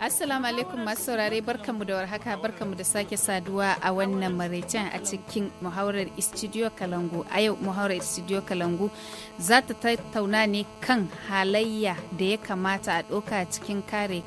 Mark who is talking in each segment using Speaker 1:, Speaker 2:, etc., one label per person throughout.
Speaker 1: Assalamu alaikum masu saurare barkanmu da warhaka barkanmu da sake saduwa a wannan maraicen a cikin muhawarar Studio Kalangu. A yau muhawarar Studio Kalangu za ta tattauna ne kan halayya da ya kamata a ɗauka cikin kare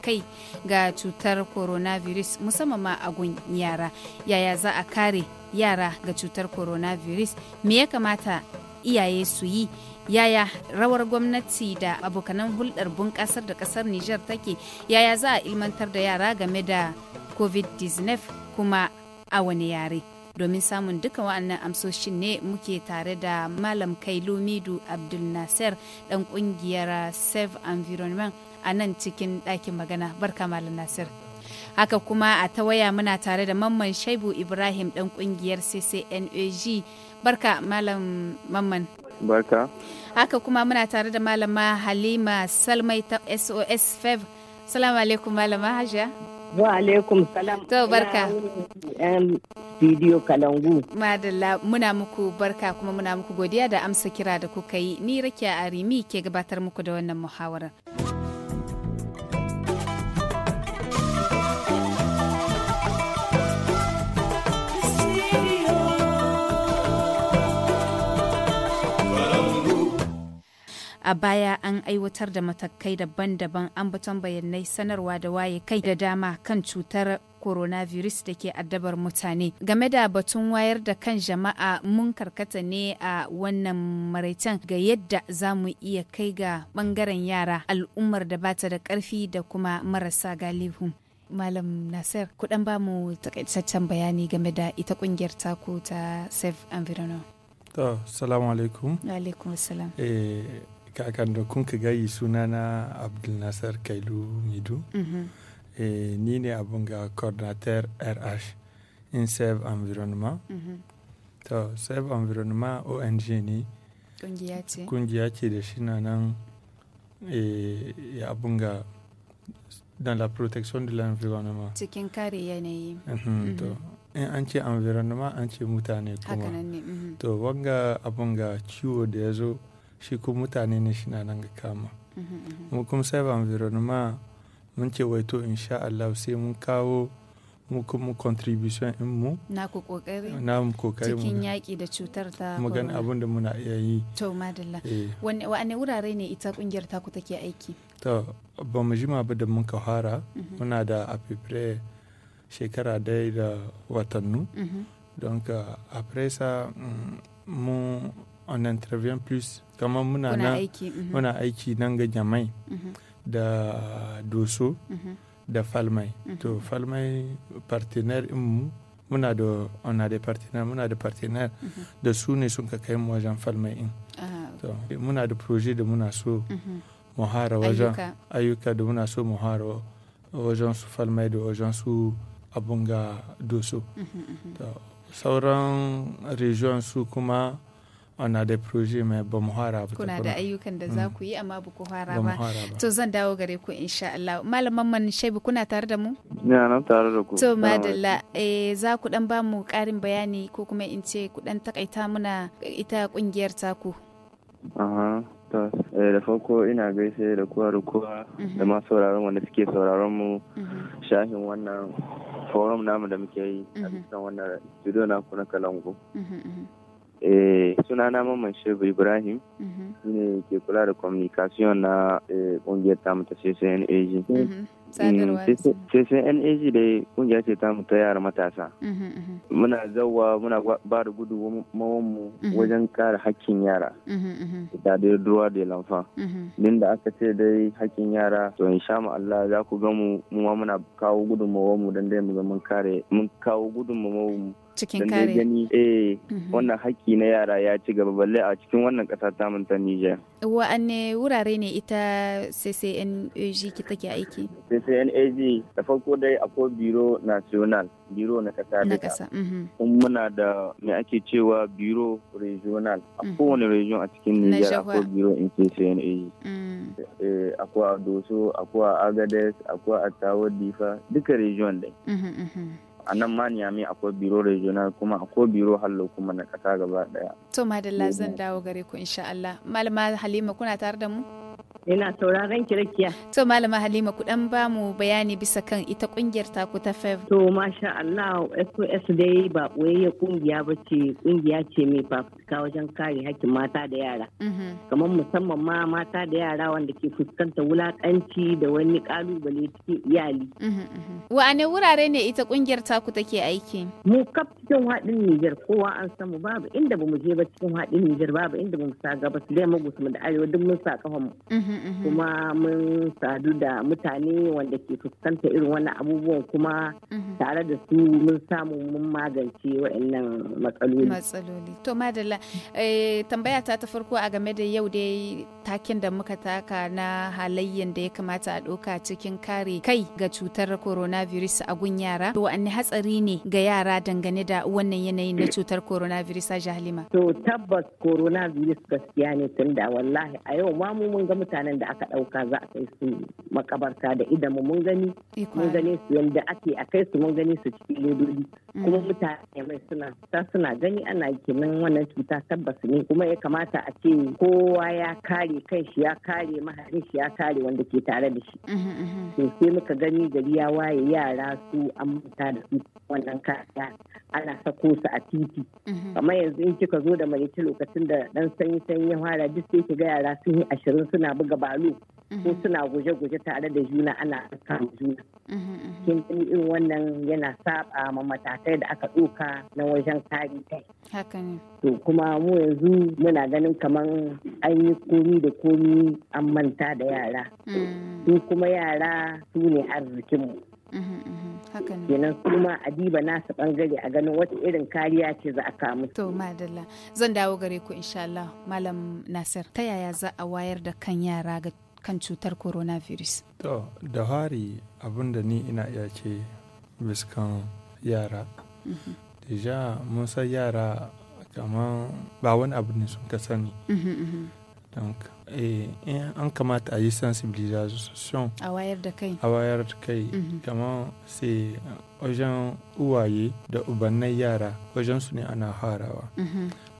Speaker 1: kai ga cutar coronavirus musamman ma a gun yara. Yaya za a kare yara ga cutar coronavirus? Me ya kamata iyaye su yi? yaya rawar gwamnati da abokanan hulɗar bunƙasar da ƙasar Nijar take yaya za a ilmantar da yara game da covid-19 kuma a wani yare domin samun duka wa'annan amsoshin ne muke tare da malam kailu midu abdul nasir dan kungiyar save environment a nan cikin ɗakin magana barka malam nasir haka kuma a ta waya muna tare da mamman shaibu ibrahim dan kungiyar ccnag barka malam mamman barka haka kuma muna tare da malama halima salmai ta sos 5 e salamu alaikum malama hajiya
Speaker 2: wa
Speaker 3: alaikum
Speaker 1: salam to barka
Speaker 3: bidiyo kalangu
Speaker 1: madalla muna muku barka kuma muna muku godiya da amsa kira da kuka yi ni rakiya arimi ke gabatar muku da wannan muhawarar a baya an aiwatar da matakai daban-daban an ambaton bayanai sanarwa da waye kai da dama kan cutar coronavirus da ke addabar mutane game da batun wayar da kan jama'a mun karkata ne a wannan maraitan ga yadda za mu iya kai ga bangaren yara al'ummar da bata da karfi da kuma marasa galihu malam nasir kudan ba mu takaitaccen bayani game da ita kungiyar taku ta save environment
Speaker 4: to alaikum
Speaker 1: alaikum salam eh,
Speaker 4: da kun ka gayi sunana abdulnasar kailu midu mm-hmm. eh, mm-hmm. ni ne abun ga coordinator rh in save environnement to save environnement ong ne kungiya ce da shi na nan e, eh, abun ga dans la protection de l'environnement
Speaker 1: cikin kare yanayi mm-hmm, to
Speaker 4: in an ce environnement an ce mutane kuma to wanga abun ga ciwo da ya zo shi kuma mutane ne shi na nan ga kama mhm, mhm. mu kuma cyber environment mun ce waito insha Allah sai mun kawo mu kuma contribution in mu
Speaker 1: na ku kokari
Speaker 4: na mu kokari cikin
Speaker 1: yaki da cutar ta mu gan abin
Speaker 4: da muna iya yi
Speaker 1: to madalla eh. wani wurare ne ita kungiyar ta ku take aiki
Speaker 4: to ba mu jima ba da mun ka fara mhm. muna da apipre shekara dai da watannu don ka apresa mm, mu on intervient plus On muna na muna aiki jamai da doso da falmai to falmai partenaire um, on a des partenaires on a des partenaires mm-hmm. de ne sun ka falmai in to muna da projet de muna so muna so su falmai da wajen su abunga mm-hmm, mm-hmm. sauran region su kuma wannan da proje mai ba mu hara ba kuna da ayyukan da za
Speaker 1: ku yi amma ba ku hara ba to zan dawo gare ku insha Allah malaman man shaibu kuna tare da mu
Speaker 2: ina nan tare da ku to madalla
Speaker 1: eh za ku dan ba mu karin bayani ko kuma in ce ku dan takaita muna ita kungiyar taku
Speaker 2: aha to eh, da farko ina gaishe da kowa da kowa da mhm. ma sauraron wanda suke sauraron mu mhm. shahin wannan forum namu da muke yi a mhm. cikin wannan studio na na kalango Eh, Suna na Mamman shirbu Ibrahim, mm-hmm. ne ke kula da communication na kungiyar eh, tamu ta CCNAG. Mm-hmm. Mm, CCNAG dai kungiya ce tamu ta yara matasa. Mm-hmm, muna zawa muna ba da mu wajen kare hakkin yara. Ita da ruwa da lamfa. Din da aka ce dai hakkin yara, to in sha mu Allah za ku gamu mu muna kawo mu don dai mu zama kare mun kawo mu. cikin kare gani eh mhm. wannan haƙƙi na yara ya ci gaba balle a cikin wannan ƙasa ta mun ta Niger
Speaker 1: wa'anne wurare ne ita CCNAG ki take aiki
Speaker 2: CCNAG da farko dai akwai biro national biro na ƙasa da ƙasa mhm. kun muna da me ake cewa biro regional a mhm. kowane region a cikin Niger akwai biro in CCNAG mm. eh, akwai a Doso akwai a Agades akwai a Tawo Difa duka region dai a nan ma niyami akwai biro regional kuma akwai biro hallo kuma na kasa gaba daya
Speaker 1: to madalla zan dawo gare ku insha Allah malama halima kuna tare da mu
Speaker 3: ina sauraron kirkiya
Speaker 1: to malama halima ku dan ba mu bayani bisa kan ita kungiyar taku ta fev
Speaker 3: to masha Allah SOS dai ba ya kungiya ce kungiya ce mai fafutuka Ka wajen kare hakkin mata da yara mm-hmm. kamar musamman ma mata da yara wanda ke fuskanta wulakanci da wani kalubale cikin iyali
Speaker 1: mm-hmm, mm-hmm. Wane wurare ne ita kungiyar taku take aiki
Speaker 3: mu kaf cikin haɗin Nijar kowa an samu babu inda bamu je ba cikin haɗin Nijar babu inda bamu sa gaba su dai magusu da arewa duk mun sa mu kuma mun sadu da mutane wanda ke fuskanta irin wannan abubuwan kuma tare da su mun samu mun magance waɗannan matsaloli matsaloli
Speaker 1: to madala Allah eh, tambaya ta ta farko a game da yau dai takin da muka taka na halayyan da ya kamata a ɗauka cikin kare kai ga cutar coronavirus a gun yara to wani hatsari ne ga yara dangane da wannan yanayin na cutar coronavirus a jahilima
Speaker 3: to tabbas coronavirus gaskiya ne tun da wallahi a yau ma mu mun ga mutanen da aka ɗauka za a kai su makabarta da idan mu mun gani eh, mun gani su yanda ake a kai su mun gani su cikin ledodi kuma mm. mutane mai suna suna gani ana kenan wannan cutar cuta tabbas ne kuma ya kamata a ce kowa ya kare kai shi ya kare maharin shi ya kare wanda ke tare da shi to sai muka gani gari ya waye yara su an mutu da su wannan kariya ana sako su a titi kamar yanzu in kika zo da marici lokacin da dan sanyi sanyi ya fara duk sai kiga yara sun yi ashirin suna buga balo ko suna guje-guje tare da juna ana kama juna kin gani irin wannan yana saba ma matakai da aka ɗauka na wajen kare kai to kuma mu yanzu muna ganin kamar an yi komi da komi an manta da yara mm. su kuma yara su ne arzikinmu
Speaker 5: mm-hmm, mm-hmm. kenan
Speaker 3: kuma adiba nasu bangare a ganin wata irin kariya ce za a kamu. To madalla
Speaker 1: zan dawo gare ku insha Allah Malam Nasir ta yaya za a wayar da kan yara ga kan cutar coronavirus?
Speaker 4: To da hari abinda ni ina iya ce biskan yara. Mm-hmm. Deja mun san yara kamar ba wani abu ne sun ka sani uhm, uhm, uhm. Eh, an kamata a yi sensibilisation a wayar da kai a wayar da kai kamar sai wajen uwaye da ubannin yara wajen su ne ana harawa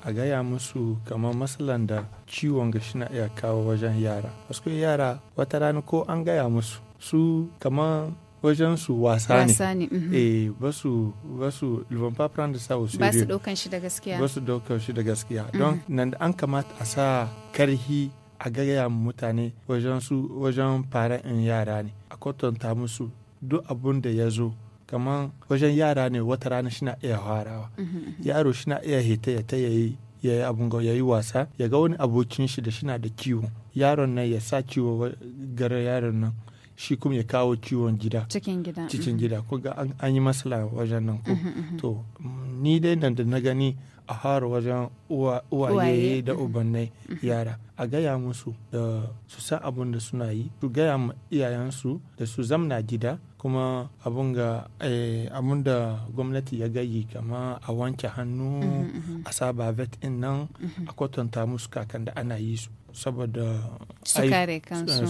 Speaker 4: a gaya musu kamar matsalan da ciwon ga na iya kawo wajen yara wasu yara wata rana ko an gaya musu su kamar wajen su wasa ne mhm. eh ba su ba su liban papran da sawo su ba su
Speaker 1: daukan shi da gaskiya ba
Speaker 4: su daukan shi da gaskiya mhm. don nan an kamata a sa karhi a gaya mutane wajen su wajen fara in yara ne a kwatanta musu duk abun da ya zo kamar wajen yara ne wata rana shi na iya farawa mhm, yaro na iya hita ya ta yayi ya yi abun ga yayi wasa ya ga wani abokin shi da shi na da kiwo yaron nan ya sa kiwo gare yaron nan shi kuma ya kawo ciwon gida cikin gida cikin mm-hmm. ko ga an yi masala wajen nan ko mm-hmm, mm-hmm. to ni dai nan da na gani a hara wajen uwaye da ubannai yara a gaya musu da su san abun da suna yi su gaya ma iyayensu da su zamna gida kuma abun eh, da gwamnati ya gayi kama a wanke hannu a saba vet in nan a kwatanta musu kakan da ana yi su saboda eh, su kare kansu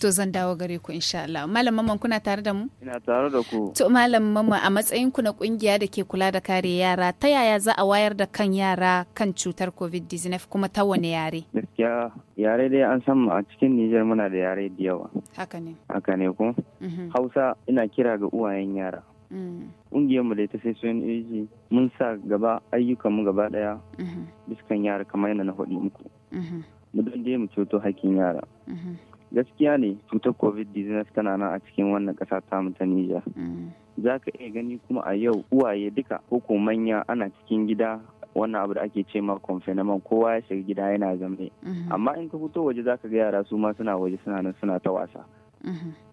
Speaker 1: to zan dawo gare ku insha Allah malam mamman kuna tare da mu ina tare da ku to malam mamman a matsayin ku na kungiya da ke kula da kare yara ta yaya za a wayar da kan yara kan cutar covid-19 kuma ta wani yare
Speaker 2: gaskiya yare dai an san a cikin Nijar muna da yare da yawa haka ne haka ne ko mhm. Hausa ina kira ga uwayen yara mm. mu da ta sai sun eji mun sa gaba ayyukanmu gaba daya mhm. biskan yara kamar yana na hudu muku mhm. mu don dai mu ceto hakkin yara mhm. gaskiya ne cutar covid business tana nan a cikin wannan kasa ta ta nija mhm. za ka iya gani kuma a yau uwaye duka ko manya ana cikin gida wannan abu da ake ce ma confinement kowa ya shiga gida yana zamne mhm. amma in ka fito waje za ka ga yara su ma suna waje suna nan suna ta wasa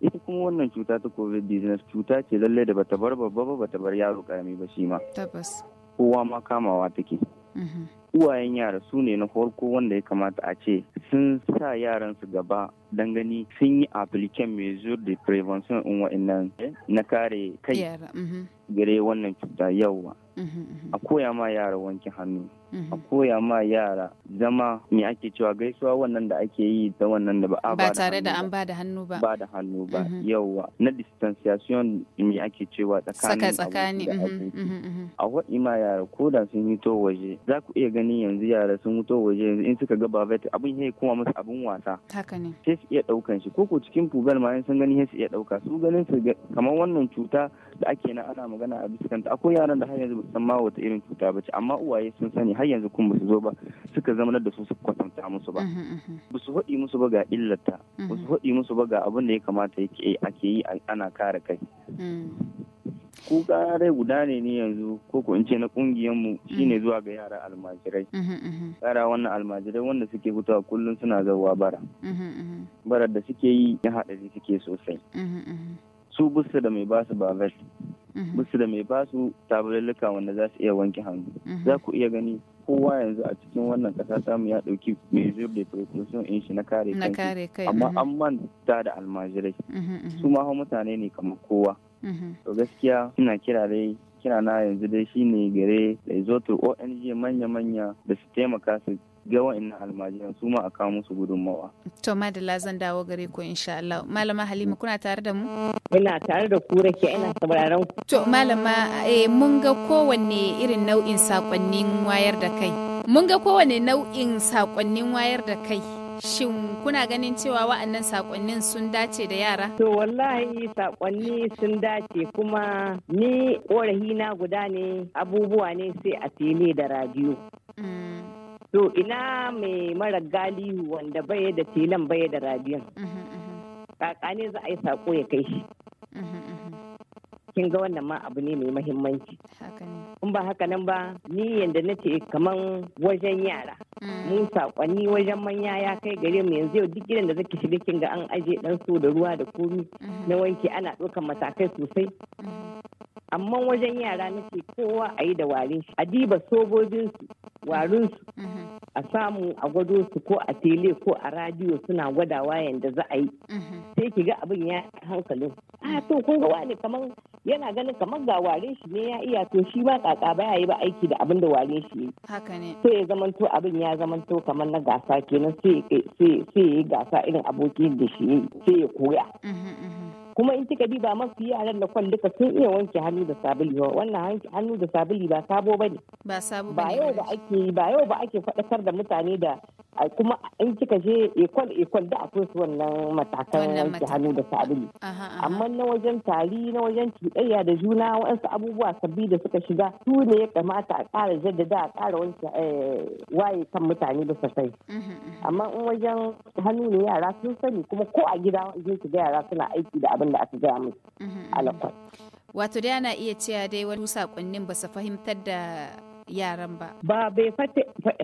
Speaker 2: ita kuma wannan cuta ta covid business cuta ce lallai da bata bar babba ba bata bar yaro karami ba shi ma tabbas kowa ma kamawa take uwayen yara su ne na farko wanda ya kamata a ce sun sa yaran su gaba dan gani sun yi application measure de prevention in wa'annan na kare kai mhm. gare wannan cuta yauwa mhm, mhm. a koya ma yara wanke hannu a mhm. koya ma yara zama me ake cewa gaisuwa wannan da ake yi ta wannan da ba a ba tare da
Speaker 1: an ba da hannu ba ba
Speaker 2: da hannu ba mhm. yawa na distanciation me ake cewa tsakanin tsakani mhm, a waɗi ma yara ko da sun hito waje za ku iya gani yanzu yara sun hito waje yanzu in suka ga vet abin ya kuma musu abin wasa haka ne sai su iya ɗaukan shi ko ko cikin pubel ma sun gani sai su iya ɗauka su ganin su kamar wannan cuta da ake na ana magana a biskanta akwai yaran da har yanzu ba san ma wata irin cuta ba ce amma uwaye sun sani har yanzu kuma su zo ba suka zama da su su kwatanta musu ba uhm, uhm, uhm. ba su faɗi musu ba ga illata ba su faɗi musu ba ga abin da ya kamata ake yi ana kare kai ko rai guda ne ne yanzu ko ko in ce na ƙungiyarmu shine zuwa ga yara almajirai yara wannan almajirai wanda suke hutawa kullum suna zawa bara barar da suke yi ya haɗari suke sosai su busta da mai basu ba Mhm. musu da mai basu tabarulluka wanda za su iya wanke hannu mhm. za ku iya gani kowa yanzu a cikin wannan kasa samu ya dauki measure da precaution in shi na kare kai amma mhm. an manta da almajirai su ma mutane ne kamar kowa to gaskiya ina kira dai kira na yanzu dai shine gare da izotur ONG manya-manya da su taimaka su ga wa'annan almajiran su ma a kawo musu gudunmawa.
Speaker 1: To Madalla zan dawo gare ku insha Allah. Malama Halima kuna tare da mu?
Speaker 3: Muna tare da ku rake ina
Speaker 2: sauraron ku.
Speaker 1: To malama eh, mun ga kowanne irin nau'in sakonnin wayar da kai. Mun ga kowanne nau'in sakonnin wayar da kai. Shin kuna ganin cewa wa'annan
Speaker 3: sakonnin sun dace da yara? To wallahi sakonni sun dace kuma ni korafi na guda ne abubuwa ne sai a tele da radiyo. Mm. To ina mai mara galihu wanda baya da telan baya da radiyon. Mm-hmm, mm-hmm. Kaka ne za a yi sako ya kai shi. Mm-hmm, Kin ga wannan ma abu ne mai mahimmanci. In ba haka nan ba, ni yadda na ce kaman wajen yara. mun sakonni wajen manya ya kai gare mu yanzu yau duk gidan da zaki shiga kinga an aje dan so da ruwa da komi na wanki ana ɗaukan matakai sosai amma wajen yara nake kowa a yi da warin shi a diba sobobinsu warinsu a samu a gwado su ko a tele ko a radiyo suna gwadawa yanda za a yi sai ki ga abin ya hankalin a ah, to kun ga wani kamar yana ganin kamar ga warin shi ne ya iya to shi ba kaka baya yi ba aiki da abin da warin shi ne sai ya zamanto abin ya ya zamanto kamar na gasa kenan sai yi gasa irin aboki da shi sai ya koya kuma in kika diba mafi yaran da kwan duka sun iya wanke hannu da sabuli ba wannan hannu da sabuli ba sabo bane ba sabo ba yau ba ake ba yau ba ake faɗakar da mutane da kuma in kika je ekol ekol da akwai su wannan matakan wanke hannu da sabulu amma na wajen tari na wajen cuɗayya da juna wasu abubuwa sabbi da suka shiga su ne ya kamata a ƙara jaddada a ƙara wanke eh, waye kan mutane da sosai mhm, mhm. amma in wajen hannu ne yara sun sani kuma ko a gida zai ki ga yara suna aiki da abin da aka gaya musu mhm, alakwai
Speaker 1: wato dai ana iya cewa dai wani sakonnin ba su fahimtar da yaran ba.
Speaker 3: Ba bai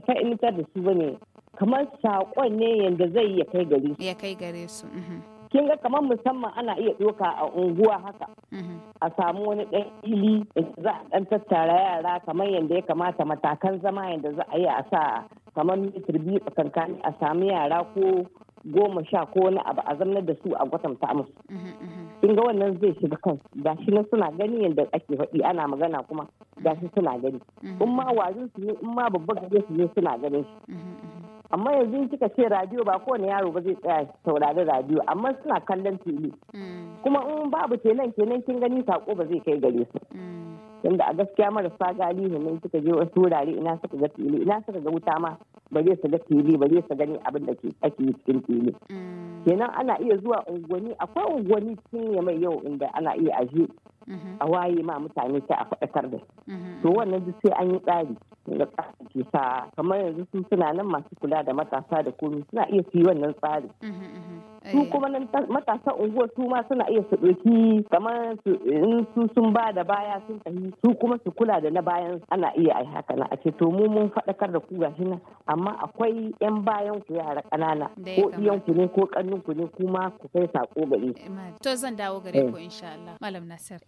Speaker 3: fahimtar da su bane kamar saƙon ne yadda zai ya kai gare su. Ya kai gare su. Mhm. Kin ga kamar musamman ana iya ɗoka a unguwa haka. Mhm. A samu wani ɗan ili za a ɗan tattara yara kamar yadda ya kamata matakan zama yadda za a yi a sa kamar mitir biyu tsakankanin a samu yara ko goma sha ko wani abu a zamnar da su a kwatanta musu uhm, uhm. kin ga wannan zai shiga kan gashi na suna gani yadda ake faɗi ana magana kuma gashi suna gani uhm. in ma wazin su ne in ma babba gaje su ne suna ganin shi amma yanzu kika ce radio ba kowane yaro ba zai tsaya saurari radio amma suna kallon tele kuma in babu telan kenan kin gani sako ba zai kai gare su wanda a gaskiya marasa galihu ne suka je wasu wurare ina suka ga fili ina suka ga wuta ma ba zai su ga fili ba zai su gani abin da ke ake yi cikin fili mm. kenan ana iya zuwa unguwanni akwai unguwanni cikin ya mai yau inda ana iya aje mm-hmm. a waye ma mutane ta a faɗakar da mm-hmm. to wannan duk sai an yi tsari da tsari ke sa kamar yanzu sun suna nan masu kula da matasa da komi suna iya su yi wannan tsari mm-hmm, su eh. kuma matasa unguwar su ma suna iya su ɗauki kamar in su sun ba da baya sun tafi su kuma su kula da na bayan ana iya ai haka na a ce to mu mun faɗakar da ku gashi nan amma akwai yan bayan ku yara ƙanana ko iyan ku ne ko ƙannun ku ne kuma ku kai sako gare eh,
Speaker 1: to zan dawo gare ku eh. insha Allah malam Nasir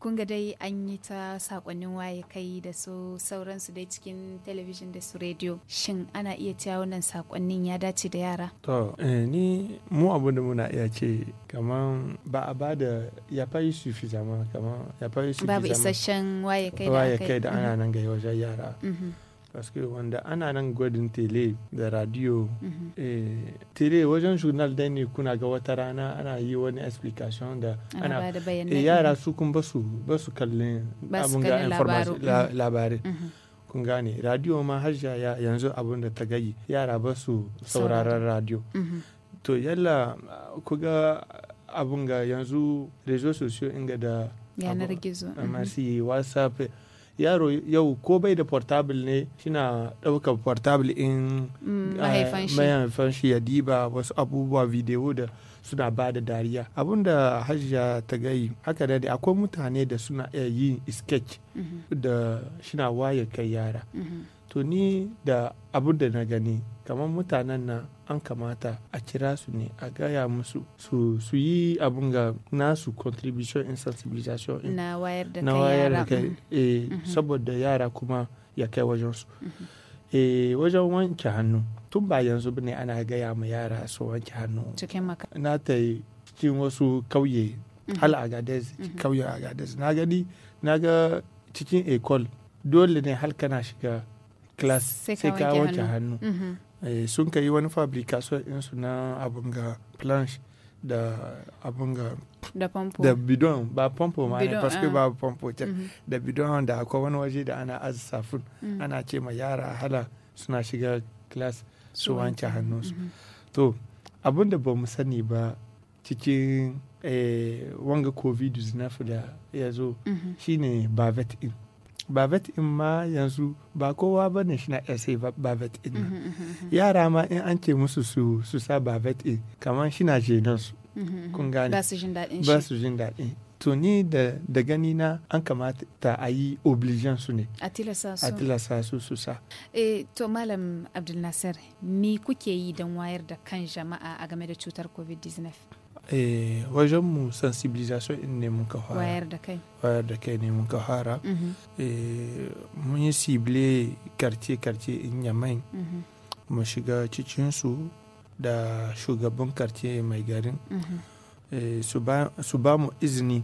Speaker 1: kun ga dai an yi ta sakonnin waye kai da su sauransu dai cikin talabijin da su rediyo shin ana iya cewa wannan sakonnin ya dace da yara
Speaker 4: to ni mu abin da muna iya ce kamar ba a ba da ya fayi fi zama kamar ya fayi fi zama babu
Speaker 1: isasshen waye kai da waye kai da ana mhm.
Speaker 4: nan ga wajen yara mhm. paske wanda ana nan gwadin tele da radio mhm. eh, tele wajen journal dai ne kuna ga wata rana ana yi wani explication da ana eh, yara su kun basu basu kallon abin ga labarai kun gane radio ma har yanzu abin da ta gayi yara ba su sauraron radio to yalla ku ga abin ga yanzu rezo sosiyo inga da
Speaker 1: yanar gizo
Speaker 4: mhm. masu whatsapp yaro yau ko bai da portable ne shina ɗaukar portable in mm, ah, mahaifan shi ya diba wasu abubuwa video da suna ba da dariya abinda hajjia ta gayi haka da akwai mutane da suna iya yin sketch mhm. da shina waye kai yara mhm. to ni da abinda na gani kamar mutanen na. an kamata a kira su ne a gaya musu su su yi abun ga nasu contribution in sensibilisation na wayar da kai eh, mm-hmm. Mm-hmm. saboda yara kuma ya kai wajen su mm-hmm. eh wajen wanke hannu tun ba yanzu bane ana gaya ma yara su wanke hannu na ta yi cikin wasu kauye hal agadez kauye agadez na gani na ga cikin ecole dole ne hal kana shiga class sai ka wanke hannu Eh, sun ka yi wani fabrication in na abin ga planche da abin ga da pompo da bidon ba pompo ma ne paske ah. ba pompo can mhm. da bidon da akwai wani waje da ana azu safun mm -hmm. ana ce ma yara hala suna shiga class su wanke hannunsu mm to abin da ba mu sani ba cikin eh, wanga covid-19 da ya zo mhm. shine vet in babet in ma yanzu ba kowa ba ne shi na ese ba babet in nan yara ma in an ce musu su su sa babet in kamar shi na jenan su kun gane ba su jin daɗin ba su to ni da da gani na an kamata a yi obligation su ne a tilasa su su sa
Speaker 1: eh to malam abdul nasir me kuke yi don wayar da kan jama'a a game da cutar covid-19
Speaker 4: wajenmu wajen mu sensibilisation in ne muka fara wayar da kai wayar da kai ne muka fara mhm. e, mun yi sible karce karce in yamai mhm. mu shiga cikin su da shugaban karce mai garin mhm. e, su ba mu izini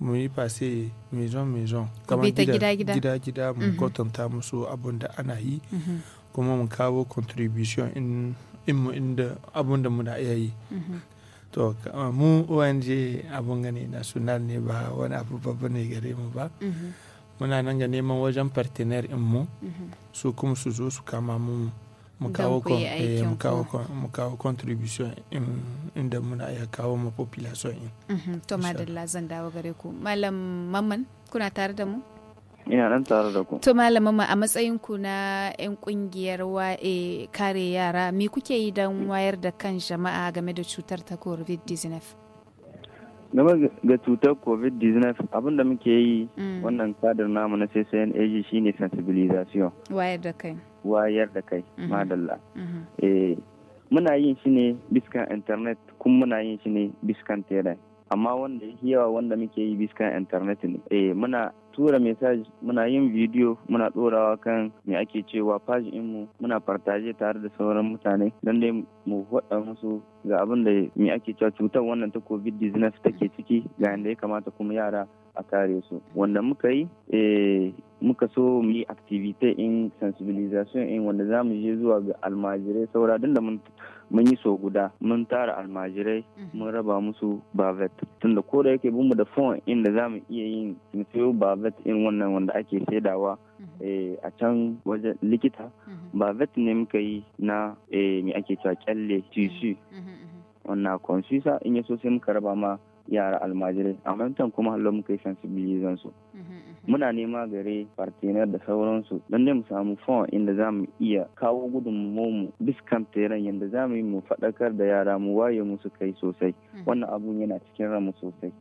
Speaker 4: mu yi fase maison maison kamar gida gida mu kwatanta musu abun da ana yi kuma mu kawo contribution in mu inda abun da muna iya yi to mu ong abun gani national ne ba wani abu babba ne gare mu ba mm-hmm. muna nan ga neman wajen partner in mu mm-hmm. su kuma su zo su kama mu mu eh, kawo contribution inda muna iya kawo ma population in
Speaker 1: mm-hmm. to madalla zan dawo gare ku malam mamman kuna tare da mu
Speaker 2: ina nan tare da ku to
Speaker 1: malama a matsayin ku na yan kungiyar wae eh, kare yara me kuke yi don wayar da kan jama'a game da cutar ta covid-19
Speaker 2: game ga cutar covid-19 abin da muke yi mm. wannan kadar namu na ccn ag shine sensibilization
Speaker 1: wayar da kai
Speaker 2: wayar da kai mm-hmm. madalla mm-hmm. Eh, muna yin shi ne biskan internet kuma muna yin shi ne biskan tele amma wanda yawa wanda muke yi biskan internet ne eh muna tura message muna yin video muna ɗorawa kan me ake cewa page mu muna fartaje tare da sauran mutane don dai mu faɗa musu ga abin da me ake cewa cutar wannan ta covid-19 take ciki ga yadda ya kamata kuma yara a kare su wanda muka yi eh, muka so mu yi activity in sensibilization in wanda za mu je zuwa ga almajirai saura da mun yi so guda mun tara almajirai mm-hmm. mun raba musu bavet tunda ko da yake bin mu da phone inda za mu iya yin mu sayo vet in wannan wanda ake saidawa mhm. eh, a can wajen likita mhm. ba vet ne muka yi na eh, mai ake cewa kyalle tishu mhm. wannan konsisa in yaso sai muka raba ma yara almajirai a mantan kuma hallo muka yi sensibilizan su muna nema gare fartinar da sauransu don dai mu samu fon inda za mu iya kawo gudunmu biskan teren yadda za mu yi mu faɗakar da yara mu waye musu kai sosai wannan abun yana cikin ramu sosai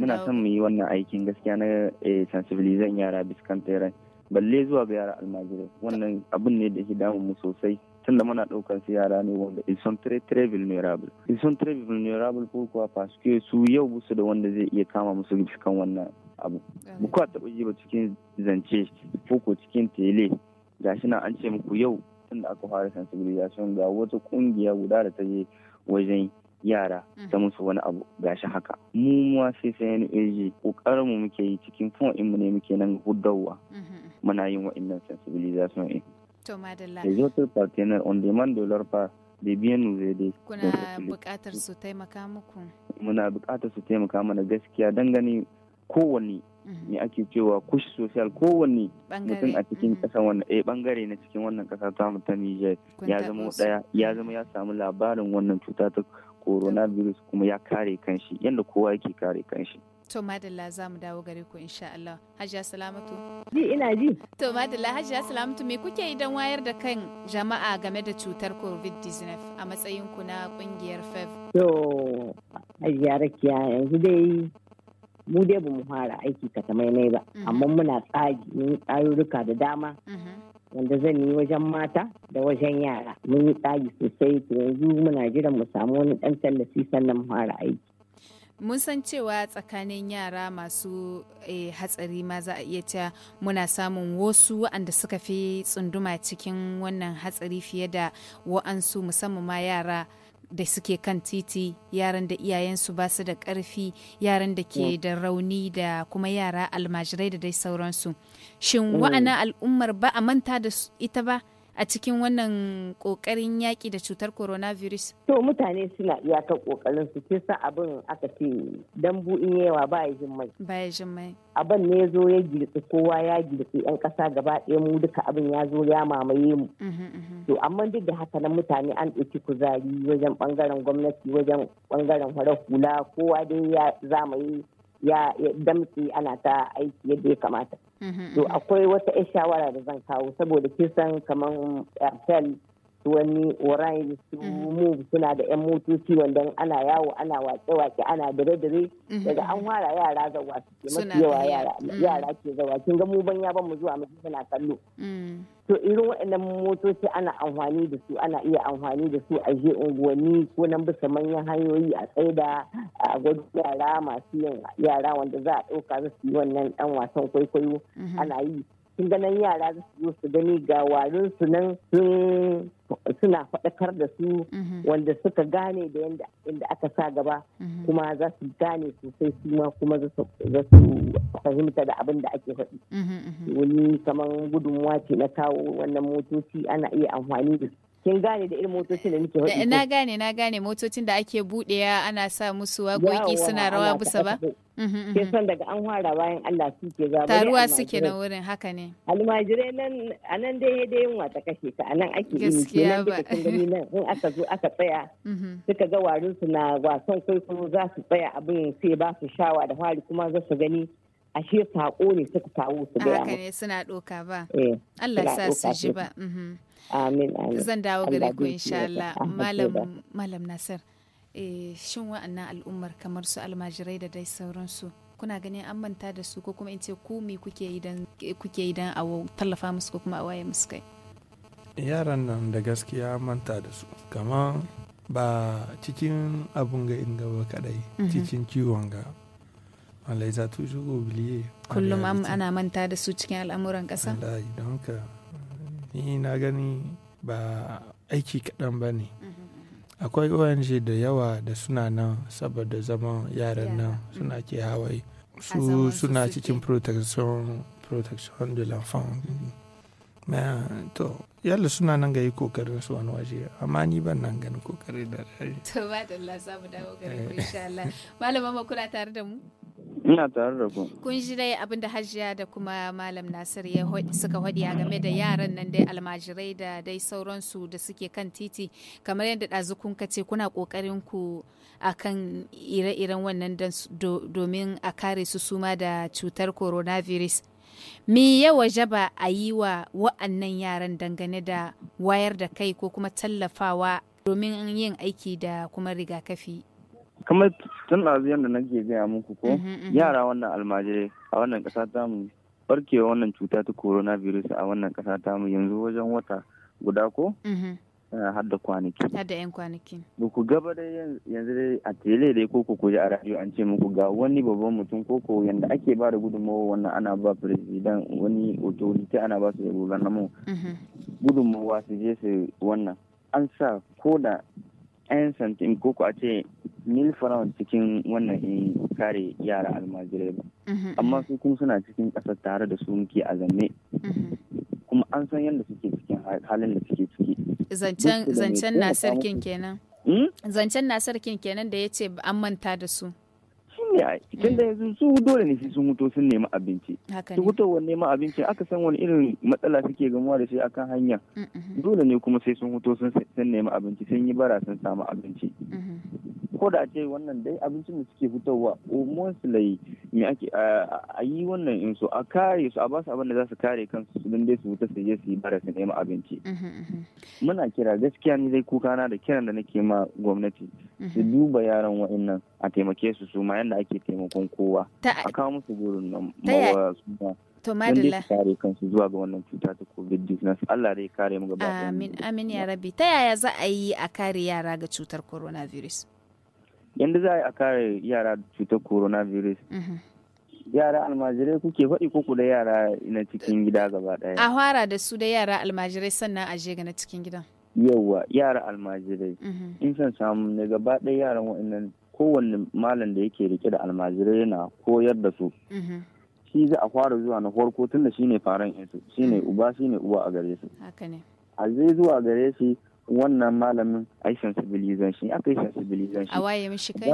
Speaker 2: muna son mu yi wannan aikin gaskiya na eh, sensibilizan yara biskan teren balle zuwa ga yara almajirai wannan abin ne da ke damun mu sosai tunda muna ɗaukar su yara ne wanda in sont très très vulnérables in sont très vulnérables kuwa su yau busu da wanda zai iya kama musu biskan wannan abu mu kuwa taɓa yi ba cikin zance ko cikin tele gashi na an ce muku yau tunda aka fara sensibilization ga wata ƙungiya guda da ta je wajen yara ta mm-hmm. musu wani abu gashi haka mu ma sai sai ni kokarin mu muke yi cikin fon mu ne muke nan hudawa mm-hmm. muna yin wa'annan sensibilization in.
Speaker 1: to madalla les autres
Speaker 2: partner on demand dollar fa da biyan bien zai dai kuna
Speaker 1: bukatar su taimaka muku
Speaker 2: muna bukatar su taimaka mana gaskiya dangane kowanne mm-hmm. me ake cewa kush social kowanne mutum a cikin ƙasa wannan eh bangare na cikin wannan kasa ta mu ta Niger ya zama daya ya zama ya samu labarin wannan cuta ta coronavirus kuma ya kare kanshi yadda kowa yake kare kanshi.
Speaker 1: To Madalla za mu dawo gare ku insha Allah. Hajiya Salamatu.
Speaker 3: Ji ina ji.
Speaker 1: To Madalla Hajiya Salamatu me kuke yi don wayar da kan jama'a game da cutar COVID-19 a matsayin ku na kungiyar FEV?
Speaker 3: To Hajiya Rakiya yanzu dai mu dai ba mu fara aiki takamaimai ba mhm. amma muna tsari mun tsarurruka da dama mhm. wanda zan yi wajen mata da wajen yara mun yi tsari sosai to yanzu muna jiran mu samu wani dan tallafi sannan mu fara aiki
Speaker 1: mun san cewa tsakanin yara masu eh, hatsari ma za a iya cewa muna samun wasu waɗanda suka fi tsunduma cikin wannan hatsari fiye da wa'ansu musamman ma yara da suke kan titi yaran da iyayensu ba su da ƙarfi yaran da ke mm. da rauni da kuma yara almajirai da dai sauransu shin mm. wa'ana al'ummar ba a manta da ita ba a cikin wannan kokarin yaƙi da cutar coronavirus?
Speaker 3: To mutane suna iya ta kokarin su ke sa abin aka ce dan in yawa ba ya jin mai. Ba ya jin mai. Abin ne zo ya girtsi kowa ya girtsi yan ƙasa gaba ɗaya mu duka abin ya zo ya mamaye mu. To amma duk da haka nan mutane an ɗauki kuzari wajen bangaren gwamnati wajen bangaren fara hula kowa dai ya zamaye ya damtse ana ta aiki yadda ya kamata. Mm-hmm, to mm-hmm. akwai wata 'yan shawara da zan kawo saboda kisan kamar abdel eh, wani orange su mm-hmm. mu suna da yan motoci wanda ana yawo ana wake-wake ana dare-dare mm-hmm. daga an wara yara zawa suke mafi yawa mm. yara ke zawa kin ga mu ban ya ban mu zuwa mu suna kallo mm. to irin waɗannan motoci ana amfani da su ana iya amfani da su a je unguwanni ko nan bisa manyan hanyoyi a tsaye da gwada yara masu yin yara wanda za a ɗauka su yi wannan ɗan wasan kwaikwayo mm-hmm. ana yi sun ganin yara za su su gani ga warin su nan sun suna faɗakar da su mhm. wanda suka gane da yanda inda aka sa gaba mhm. kuma za su gane sosai su ma kuma za su fahimta da abin da ake faɗi mhm, wani kamar gudunmuwa ce na kawo wannan motoci ana iya amfani da su kin gane da irin motocin da nake hudu na
Speaker 1: gane na gane motocin da ake budewa ana sa musu waƙoƙi suna rawa busa ba ke mhm, mhm.
Speaker 3: san daga an hwara bayan Allah suke ga taruwa suke na
Speaker 1: wurin haka ne
Speaker 3: almajirai nan anan dai dai yin wata kashe ta anan ake yi gaskiya ba nan in aka zo aka tsaya mhm. suka ga warin su na wasan kai kwaikwayo za su tsaya abin sai ba su shawa da fari kuma za su gani ashe sako ne suka kawo su gaya haka ne
Speaker 1: suna doka ba
Speaker 3: eh, Allah sa su ji ba amin amin zan dawo gare ku insha Allah malam
Speaker 1: malam Nasir eh shin wa'annan al'ummar kamar su almajirai da dai sauransu kuna ganin an manta da su ko kuma in ce ku me kuke yi dan kuke yi dan a tallafa musu ko kuma a waye musu kai
Speaker 4: yaran nan da gaskiya manta da su kamar ba cikin abun ga inga ba kadai mhm. cikin ciwon ga Allah ya shugo biliye.
Speaker 1: kullum ana manta da su cikin al'amuran kasa Allah
Speaker 4: don ka ni na gani ba aiki kaɗan ba ne mm-hmm, mm-hmm. akwai ONG da yawa da suna nan saboda zaman yaran nan suna mm-hmm. ke hawaii su suna cikin protection protection de l'enfant to yalla suna nan ga yi kokarin su wani waje amma ni ban nan gani kokari da rai
Speaker 1: to ba da Allah za mu dawo
Speaker 2: gare insha
Speaker 1: Allah malama ma kula tare da mu
Speaker 2: ina tare da ku
Speaker 1: kun ji dai abin da hajiya da kuma malam nasir ya suka hodi a game da yaran nan dai almajirai da dai sauransu da suke kan titi kamar yadda ɗazu kun kace kuna ƙoƙarin ku akan ire-iren wannan domin a kare su suma da cutar coronavirus me ya wajaba a yi wa wa'annan yaran dangane da wayar da kai ko kuma tallafawa domin yin aiki da kuma rigakafi
Speaker 2: kamar tun ɗazu yadda ke gaya muku ko mhm, mhm. yara wannan almajirai a wannan ƙasa mu barkewa wannan cuta ta coronavirus a wannan ƙasa mu yanzu wajen wata guda ko mhm. eh, har da kwanaki.
Speaker 1: Har da 'yan kwanaki.
Speaker 2: Ba ku gaba dai yanzu dai a tele dai ko ku ji a radio an ce muku ga wani babban mutum ko ko yanda ake ba da gudunmawa wannan ana ba president wani authority ana ba su da gudunmawa su je su wannan. An sa ko da 'yan santim ko a ce mil faran cikin wannan kare yara almajirai ba mhm, amma mhm. su kuma suna cikin ƙasa tare da su muke a zanne mhm. kuma an san yadda suke cikin halin da suke ciki zancen na sarkin kenan hmm?
Speaker 1: zancen na sarkin kenan da ya ce an manta da su
Speaker 2: gaskiya tun da yanzu su dole ne sun mutu sun nemi abinci su hutowar neman abinci aka san wani irin matsala suke gamuwa da shi akan hanya mm-hmm. dole ne kuma sai sun mutu sun nemi abinci sun yi bara sun samu abinci mm-hmm. ko da ce wannan dai abincin da suke fitowa mostly me ake a yi wannan in su a kare su a ba su abin da za su kare kansu su dai su wuta su je su yi bara su nema abinci muna kira gaskiya ni dai kuka na da kiran da nake ma gwamnati su duba yaran wa'annan a taimake su su ma yanda ake taimakon kowa a kawo musu gurin nan mawa su
Speaker 1: To madalla.
Speaker 2: kare kansu zuwa ga wannan cuta ta covid business Allah dai kare mu gaba Amin
Speaker 1: amin ya rabi. Ta yaya za a yi a kare yara ga cutar coronavirus?
Speaker 2: yadda za a kare yara cutar coronavirus mhm. yara almajirai kuke faɗi ko da yara na cikin gida gaba ɗaya
Speaker 1: a fara da su da yara almajirai sannan a je ga na cikin gidan
Speaker 2: yawwa yara almajirai mhm. in san samu ne gaba ɗaya yaran wa'annan kowanne malam da yake rike da almajirai yana koyar da su mhm. shi za a fara zuwa na farko tunda shine faran yansu shine uba shine uba a gare su a zai zuwa gare shi wannan malamin ai sensibilization aka yi sensibilization a waye mishi kai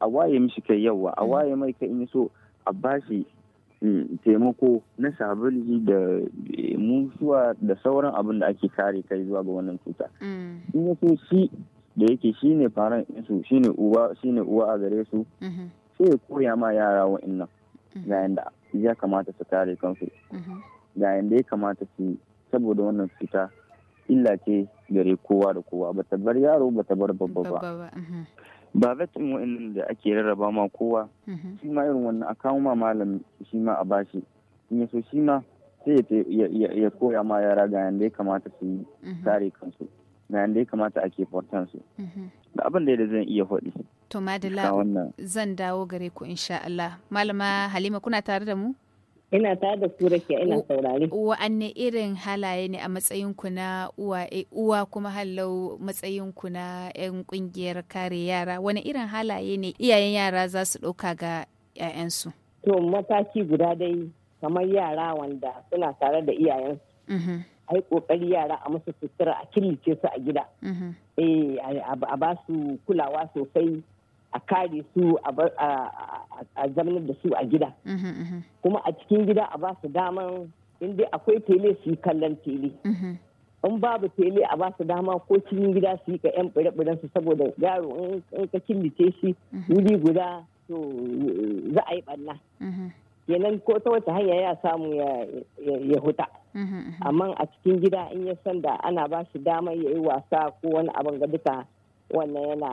Speaker 2: a waye mishi kai yawa a mm. waye mai kai in so a bashi mm, taimako na sabulji da eh, musuwa da sauran abin da ake kare kai zuwa ga wannan cuta mm. in ya so shi da yake shi ne faran su shi ne uwa a gare su mm-hmm. sai ya koya ma yara wa'annan mm-hmm. ga yanda ya kamata su kare kansu mm-hmm. ga yanda ya kamata su saboda wannan cuta illa ce gare kowa da kowa ba ta bar yaro ba ta bar babba ba ba uh-huh. vacin wa'annan da ake rarraba ma kowa uh-huh. shi ma irin wannan a kawo ma malam shi ma a bashi in ya so shi ma sai ya koya ma yara ga yanda ya kamata su yi uh-huh. kare kansu ga yanda ya kamata ake fortan su da abin da zan iya faɗi
Speaker 1: to madalla zan dawo gare ku insha Allah malama halima kuna tare da mu
Speaker 3: Ina ta da su rake ina saurare.
Speaker 1: Wa'anne irin halaye ne a matsayinku na uwa eh, uwa kuma hallau matsayinku na 'yan kungiyar kare yara wani irin
Speaker 3: halaye ne iyayen yara za su ɗauka ga 'ya'yansu? To mataki guda dai kamar yara wanda suna tare da iyayensu. Mm-hmm. Ai kokari yara a musu sutura a killace su a gida. Mm-hmm. Eh a ba su kulawa sosai a kare su a zamanar da su a gida mhm, mhm. kuma a cikin gida a ba su daman inda akwai tele su yi kallon tele mhm. in babu tele a ba su dama ko cikin gida su yi ka yan bire su saboda yaro in ka killace shi wuri guda to za a yi ɓanna kenan ko ta wata hanya ya samu ya huta amma a cikin gida in ya san da ana ba shi dama ya yi wasa ko wani abin ga duka wannan yana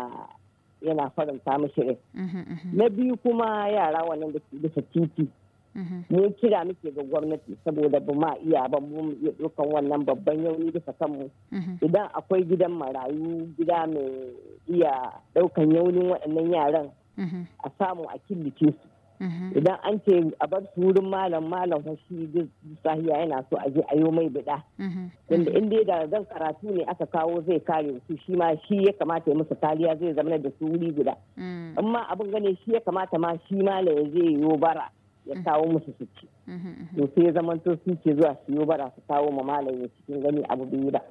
Speaker 3: yana faranta mishi rai
Speaker 5: mhm, mhm. na
Speaker 3: biyu kuma yara wannan da ke bisa titi mhm. mun kira muke ga gwamnati saboda ba ma iya ba mu iya dukan wannan babban yauni bisa kanmu idan akwai gidan marayu gida mai iya daukan yaunin waɗannan yaran a samu a killace su Mm-hmm. idan an ce a bar su wurin malam malam fashi duk sahiya yana so a je a yi mai bida
Speaker 5: inda mm-hmm.
Speaker 3: inda da zan karatu ne aka kawo zai kare su shi ma shi ya kamata ya musu kariya zai zama da su wuri guda mm. amma abin gane shi ya kamata ma shi malam ya zai yi bara ya mm. kawo musu su ci mm-hmm, to sai ya zama to su ke zuwa su yi bara su kawo ma malam ya cikin gani abu bai ba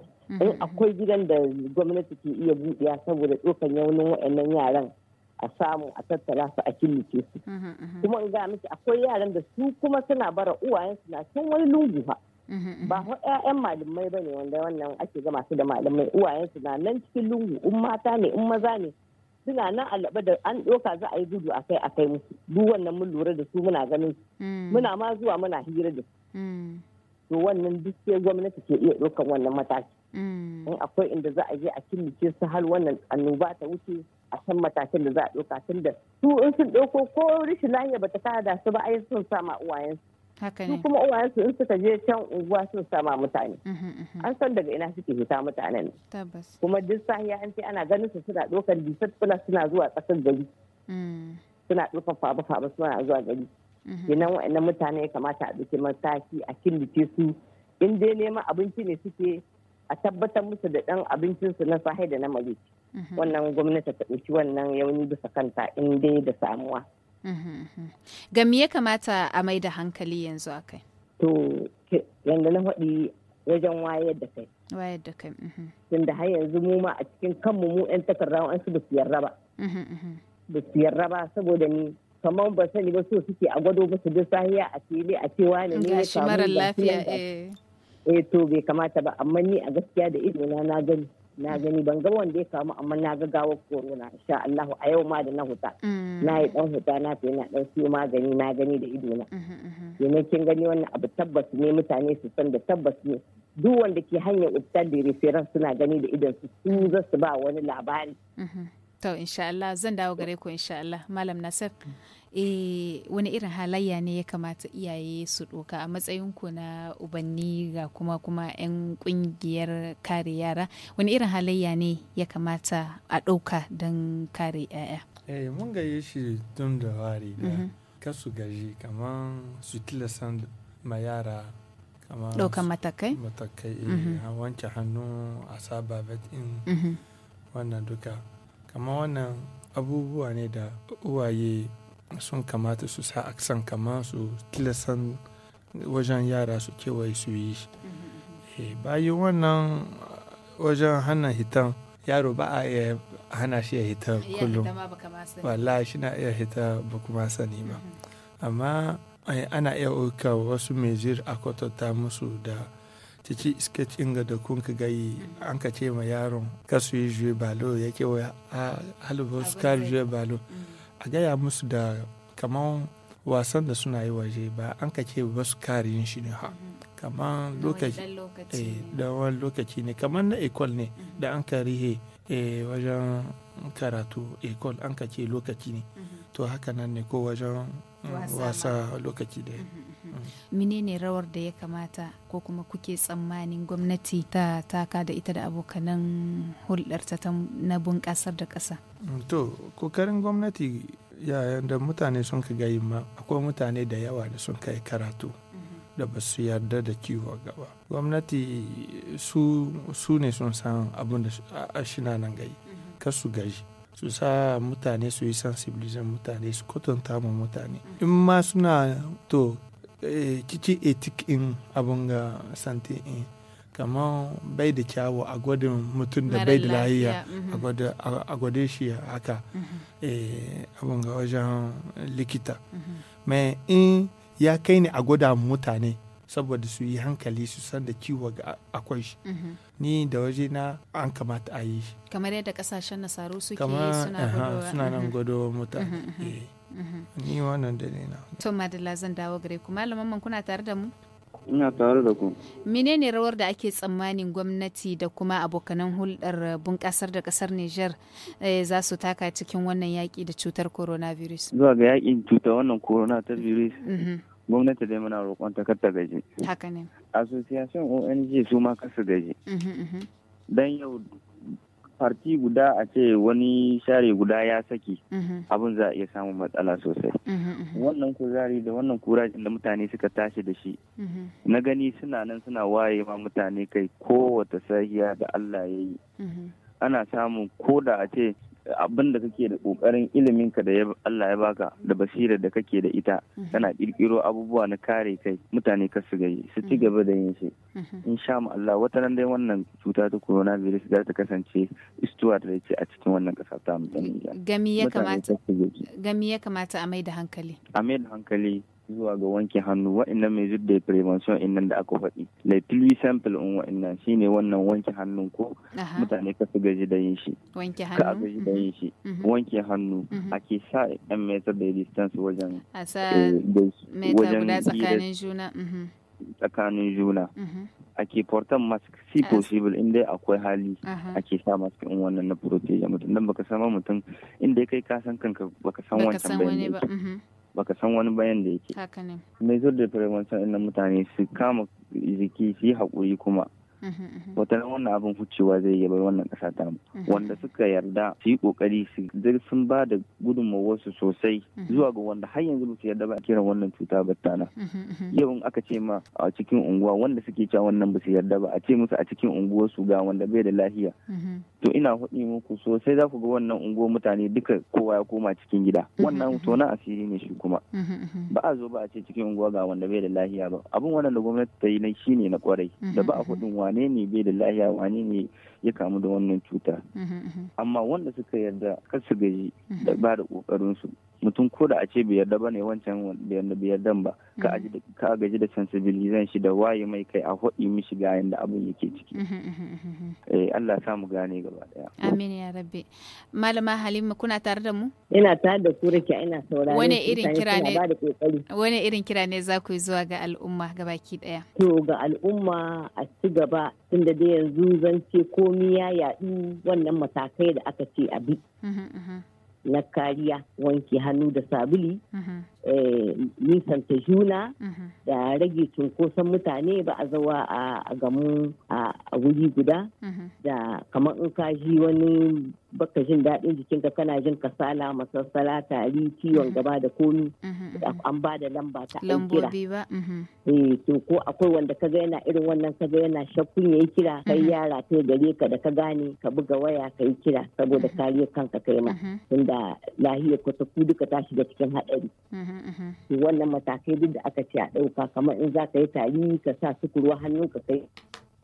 Speaker 3: in akwai gidan da gwamnati ke iya buɗewa saboda tsokan yaunin waɗannan yaran a samu a tattara su a killace su mhm, mhm. kuma in ga miki akwai yaran da su kuma suna bara uwayensu na cin wani lungu ha mhm, ba ho ƴaƴan malamai ba ne wanda wannan ake ga su da malamai uwayensu na nan cikin lungu in mata ne in maza ne suna nan alaba da an ɗauka za a yi gudu akai akai musu duk wannan mun lura da su muna ganin su mm. muna ma zuwa muna hira da su mm. to wannan duk sai gwamnati ke iya ɗaukan wannan mataki mm. in akwai inda za a je a killace su har wannan annoba ta wuce a san matakin da za a ɗauka tun da su in sun ɗauko ko rashin lahiya bata kara da su ba ai sun sama uwayensu su kuma uwayensu in suka je can unguwa sun sama mutane mhm, mhm. an san daga ina suke fita mutanen kuma duk sahiya an ce ana ganin su suna ɗaukar disat kula suna zuwa ƙasar gari mm. suna ɗaukar faba-faba suna zuwa gari mhm. kenan wa'annan mutane ya kamata a ɗauki mataki a killace su in dai neman abinci ne suke a tabbatar musu da ɗan abincinsu na sahi da na mali
Speaker 1: mhm. wannan
Speaker 3: gwamnati ta ɗauki wannan yauni bisa kanta in dai da samuwa
Speaker 1: mhm, mhm. ga me ya kamata a mai da hankali
Speaker 3: yanzu a kai to yanda na faɗi wajen wayar da kai wayar da kai tun da har yanzu mu ma a cikin kanmu mu 'yan takarda an su yarda ba ba raba yarda ba saboda ni kamar ba sani ba so suke a gwado ba su duk sahiya a fili a cewa ne ne ya samu lafiya eh to bai kamata ba amma ni a gaskiya da ido na na gani na gani ban ga wanda ya kamu amma na ga gawar corona insha Allah a yau ma da na huta
Speaker 5: mm. na yi
Speaker 3: dan huta na fi na dan siyo magani na gani da ido na mm-hmm, mm-hmm. domin kin gani wannan abu tabbas ne mutane su san da tabbas ne duk wanda ke hanyar optar da referral suna gani da idon su su za su ba wani labari
Speaker 1: mm-hmm. to insha Allah zan dawo gare ku insha Allah malam Nasir e, wani irin halayya ne ya kamata iyaye su doka a matsayin ku na ubanni ga kuma kuma 'yan ƙungiyar kare yara wani irin halayya ne ya kamata a ɗauka don kare 'ya'ya
Speaker 4: eh mun gaye shi tun da wari da mm-hmm. kasu gaji kamar su tilasan ma yara kamar ɗaukan matakai matakai eh, mm-hmm. a wanke hannu a saba in mm-hmm. wannan duka kamar wannan abubuwa ne da uwaye sun kamata su sa aksan kama su tilasan wajen yara su kewaye su yi mm-hmm. eh, bayan wannan wajen hana hitan yaro ba a iya hana shi ya hita kullum wala shi na iya hita ba kuma sani ba mm-hmm. amma ana iya ɗauka wasu mejir a kwatanta musu da ciki sketch inga da kun ka gayi mm-hmm. an ka ce ma yaron kasu yi juye balo ya ke waya a ah, halibar skar juye balo mm -hmm. a gaya musu da kaman wasan da suna yi waje ba an ka ba su kariyin shi ne ha kamar lokaci da eh, wani lokaci ne kamar na ekol ne da an ka rihe eh, wajen karatu ekol an ka lokaci ne mhm. to haka nan ne ko wajen wasa lokaci da mhm.
Speaker 1: menene rawar da ya kamata ko kuma kuke tsammanin gwamnati ta taka da ita da abokanan hulɗarta na bunƙasar da ƙasa
Speaker 4: to kokarin gwamnati yayin da mutane sun ka gayi ma akwai mutane da yawa da sun kai karatu da ba su yarda da kiwo gaba gwamnati su ne sun san abin da ashina nan gai kasu gaji su sa mutane su yi sensibilizan mutane su kwatanta ma mutane in ma suna to cici eh, etik in abun ga santi in kamar bai da kyawu a gwadin mutum da bai da lahiya mhm. a gwade shi haka mhm. eh, abun ga wajen likita mhm. mai in ya kai ni a gwada mutane saboda su yi hankali su san da kiwo ga akwai shi ni da waje na an kamata a yi shi
Speaker 1: kamar yadda kasashen nasaru suke suna
Speaker 4: gwado mutane Mm-hmm. ni wannan na
Speaker 1: to madalla zan dawo gare ku malaman man kuna tare da mu
Speaker 2: ina tare da ku
Speaker 1: menene rawar da ake tsammanin gwamnati da kuma abokanan hulɗar bunƙasar da ƙasar Nijar eh, za su taka cikin wannan yaƙi da cutar coronavirus
Speaker 2: zuwa ga yaƙin cutar wannan coronavirus mm-hmm. gwamnati dai muna roƙon ta ta gaji haka ne association ONG su ma kasu gaji mm-hmm, dan yau farti guda a ce wani share guda ya saki mhm. abin za a iya samun matsala sosai mhm, mhm. wannan kuzari da wannan kurajin da mutane suka tashi da shi na gani suna nan suna waye ma mutane kai kowata sahiya da allah ya yi ana samun koda da a ce abin da kake da kokarin ka da Allah ya baka da basira da kake da ita mhm. kana kirkiro abubuwa na kare kai mutane ka su gayi su ci mhm. gaba da yin shi mhm. in sha mu Allah wata nan dai wannan cuta ta virus za ta kasance istuwa da ce a cikin wannan kasa ta mu gami ya kamata
Speaker 1: gami ya kamata a mai da hankali
Speaker 2: a mai da hankali zuwa ga wanke hannu wa'annan mai da prevention nan da aka faɗi da three sample in wa'annan shine wannan wanke hannun ko mutane ka su gaji da yin shi wanke hannu ka gaji da yin shi mm-hmm. wanke hannu mm-hmm. ake sa yan metar da distance wajen
Speaker 1: a sa eh,
Speaker 2: metar guda tsakanin
Speaker 1: juna mm-hmm.
Speaker 2: tsakanin juna ake portan mask si possible in dai akwai hali ake sa mask in wannan na protein mutum don baka san mutum in dai kai ka san kanka baka san wancan ba baka san wani bayan da yake. Haka Mai zo da prevention ɗin mutane su kama jiki su yi haƙuri kuma. Mm-hmm, mm-hmm. wata wannan abin hucewa zai yi bar wannan kasa ta mu mm-hmm. wanda suka yarda su yi kokari su sun ba da su sosai zuwa ga wanda har yanzu ba su yarda ba a kiran wannan cuta na? yau in aka ce ma a cikin unguwa wanda suke cewa wannan ba su yarda ba a ce musu a cikin unguwarsu ga wanda bai da lafiya to ina hudi muku sosai za ku ga wannan unguwar mutane duka kowa ya koma cikin gida wannan to na asiri ne shi kuma ba a zo ba a ce cikin unguwa ga wanda bai da lafiya ba abin wannan da gwamnati ta yi na shine na kwarai da ba a hudin wane ne bai da lahiya wane ne ya kamu da wannan cuta mhm, mhm. amma wanda suka yarda kar su gaji da mhm. ba da kokarin su mutum ko da a ce bai yarda ba ne wancan bai yarda ba mm. ka gaji da sensibilizan shi da waye mai kai a haɗi mishi ga yanda abin yake ciki
Speaker 1: mm-hmm, mm-hmm, mm-hmm.
Speaker 2: eh Allah ya mu gane gaba daya
Speaker 1: amin ya rabbi malama halima kuna tare da mu
Speaker 3: ina tare da ku rike ina saurare wani irin kira ne
Speaker 1: wani irin kira ne za ku yi zuwa ga al'umma gabaki daya
Speaker 3: to ga al'umma a ci gaba tunda da yanzu zan ce komi ya yaɗu wannan matakai da aka ce a bi na kariya wanke hannu da sabuli mhm. Eh, nisanta juna mhm. da rage cunkoson mutane ba a zawa a gamu a wuri guda mhm. da kamar in ka ji wani baka jin daɗin jikinka kana jin kasala masassala tari ciwon mhm. gaba da komi an ba da lamba ta an kira eh, to ko akwai wanda kaga yana irin wannan kaga yana shakkun yi kira kai yara ta gare ka da ka gane ka buga waya kai kira saboda kariyar kanka kai ma tunda lahiyar ku ta ku duka ta shiga cikin haɗari to wannan matakai duk da aka ce a ɗauka kamar in za ka yi tari ka sa kurwa hannu ka kai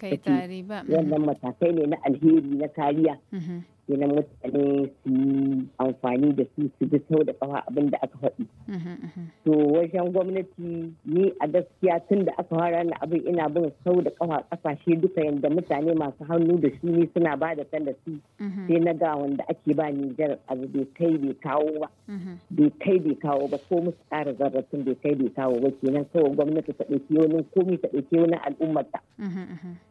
Speaker 1: kai tari ba wannan
Speaker 3: matakai ne na alheri na kariya mm-hmm. kenan mutane su yi amfani da su su bi sau da kafa abin da aka faɗi. Mm-hmm, mm-hmm. To wajen gwamnati ni a gaskiya tun da aka fara na abin ina bin sau da kafa kasashe duka yadda mutane masu hannu da shi ne suna ba da tallafi mm-hmm. sai na ga wanda ake ba Nijar abu bai kai bai kawo ba. Bai kai bai kawo ba ko musu ƙara zarrafin bai kai bai kawo ba kenan kawai gwamnati ta ɗauki wani komi ta ɗauki wani al'ummarta.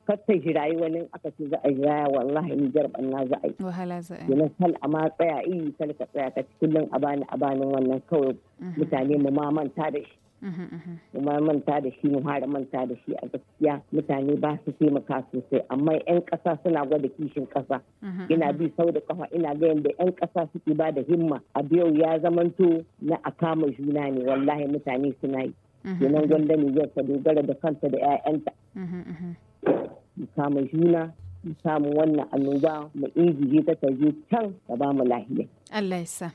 Speaker 3: Kar ta jirayi wani aka ce za a jiraya wallahi Nijar ɓanna za a yi.
Speaker 5: wala za'a yana
Speaker 3: sal a ma tsaya iya eh, sal ka tsaya ka kullum a bani a bani wannan kawai mhm. mutane mu ma manta da shi mhm, mhm. mu ma manta da shi mu fara manta da shi a gaskiya mutane ba su taimaka sosai amma yan ƙasa suna gwada kishin ƙasa ina bi sau da kafa ina ga yadda yan ƙasa suke ba da himma a biyau ya zamanto na a kama juna ne wallahi mutane suna yi
Speaker 5: Yanan gwanda
Speaker 3: ne zai ka dogara da kanta da 'ya'yanta kama juna samu wannan annoba mu injiye ta ta je can ta ba mu lahiya.
Speaker 1: Allah ya sa.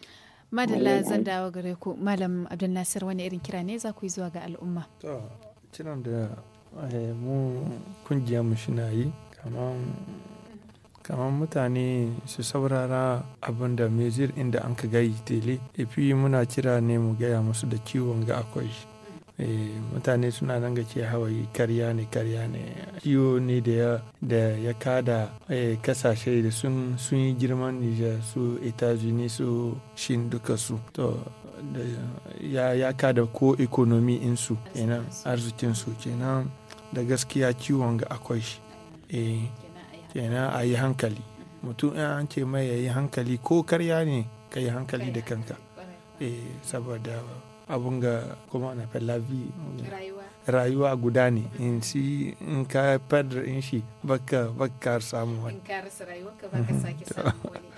Speaker 1: Madalla zan dawo gare ku Malam Abdul Nasir wani irin kira ne za ku yi zuwa ga al'umma.
Speaker 3: To,
Speaker 4: kiran da eh, mu kungiyar mu shi na yi kamar mutane su saurara abin da mezir inda an ka gayi tele ifi muna kira ne mu gaya musu da kiwon ga akwai Eh, mutane suna nan ga ce hawaii karya ne karya ne ciwo ne da ya kada eh, kasashe da sun yi girman nijar su etajini su shin duka su to ya, ya kada ko ekonomi insu kenan arzikinsu kenan da gaskiya ciwon ga akwai shi eh, kenan a yi hankali mutum in an ce mai ya yi hankali ko karya ne ka yi hankali da kanka saboda abun ga kuma ana bi rayuwa guda ne in si in ka fadar in shi baka baka samu wani in
Speaker 1: ka rayuwa ka baka sake samu wani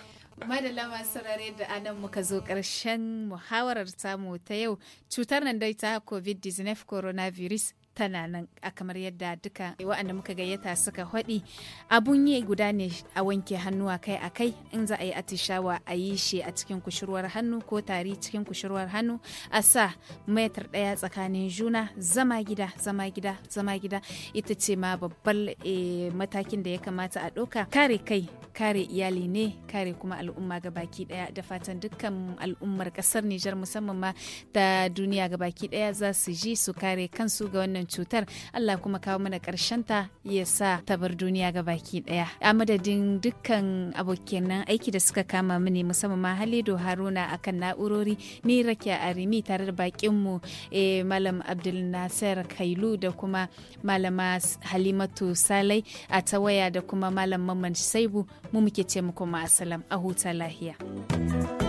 Speaker 1: madalla masu rare da anan muka zo karshen muhawarar tamu ta yau cutar nan dai ta covid-19 coronavirus tana nan a kamar yadda duka waɗanda muka gayyata suka haɗi abun yi guda ne a wanke hannu a kai a kai in za a yi atishawa a yi shi a cikin kushurwar hannu ko tari cikin kushurwar hannu a sa metar ɗaya tsakanin juna zama gida zama gida zama gida ita ce ma babbar eh, matakin da ya kamata a ɗauka kare kai kare iyali ne kare kuma al'umma baki ɗaya da fatan dukkan al'ummar ƙasar Nijar musamman ma ta duniya gabaki ɗaya za su ji su kare kansu ga wannan wannan cutar Allah kuma kawo mana ta ya sa ta bar duniya ga baki ɗaya a madadin dukkan abokan aiki da suka kama mini musamman ma Halido Haruna akan na'urori ni Rakiya Arimi tare da bakin mu eh, Malam Abdul Nasir Kailu da kuma Malama Halimatu Salai a ta waya da kuma Malam Mamman Saibu mu muke ce muku ma a huta lahiya.